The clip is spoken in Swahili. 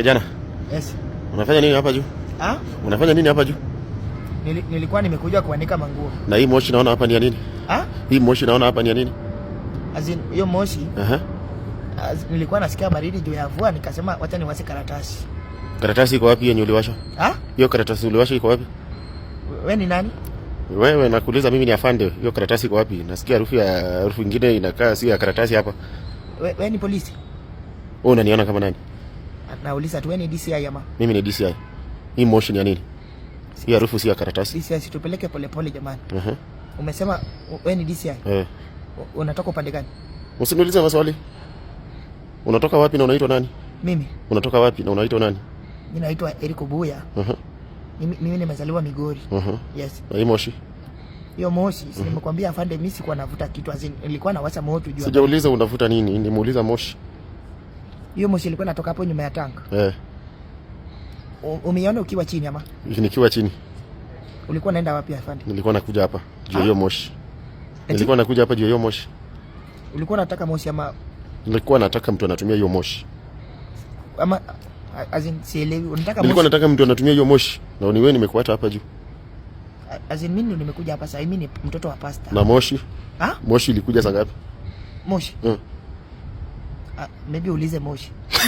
Kijana. Yes. Unafanya nini hapa juu? Ah? Unafanya nini hapa juu? Nili, nilikuwa nimekuja kuanika manguo. Na hii moshi naona hapa ni ya nini? Ah? Hii moshi naona hapa ni ya nini? Azin, hiyo moshi. Aha. Az, nilikuwa nasikia baridi juu ya vua nikasema wacha niwashe karatasi. Karatasi iko wapi yenye uliwasha? Ah? Hiyo karatasi uliwasha iko wapi? Wewe ni nani? Wewe nakuuliza mimi ni afande. Hiyo karatasi iko wapi? Nasikia harufu ya harufu nyingine inakaa si ya karatasi hapa. Wewe ni polisi? Wewe unaniona kama nani? Nauliza tu wewe ni DCI ama? Mimi ni DCI. Hii motion ya nini? Hii harufu si ya karatasi. DCI situpeleke polepole jamani. Uh-huh. Umesema wewe ni DCI? Eh. Unatoka upande gani? Usiniulize maswali. Unatoka wapi na unaitwa nani? Mimi. Unatoka wapi na unaitwa nani? Mimi naitwa Eric Obuya. Uh-huh. Mimi, mimi nimezaliwa Migori. Uh-huh. Yes. Na hii moshi? Hiyo moshi, si nimekwambia afande mimi sikuwa navuta kitu azini. Nilikuwa nawacha moto jua. Sijauliza unavuta nini? Nimeuliza moshi hiyo moshi ilikuwa inatoka hapo nyuma ya tanka eh. Umeiona ukiwa chini ama nikiwa chini? Ulikuwa naenda wapi afande? Nilikuwa nakuja hapa juu ya ah. hiyo moshi. Nilikuwa nakuja hapa juu ya hiyo moshi. Ulikuwa unataka moshi ama? Nilikuwa nataka mtu anatumia hiyo moshi ama, as in sielewi. Unataka moshi? Nilikuwa nataka mtu anatumia hiyo moshi na ni wewe, nimekuata hapa juu. As in mimi nimekuja hapa sasa, mimi ni mtoto wa pasta. Na moshi? Ah? Moshi ilikuja saa ngapi? Moshi. Hmm. Ah, maybe uulize Moshi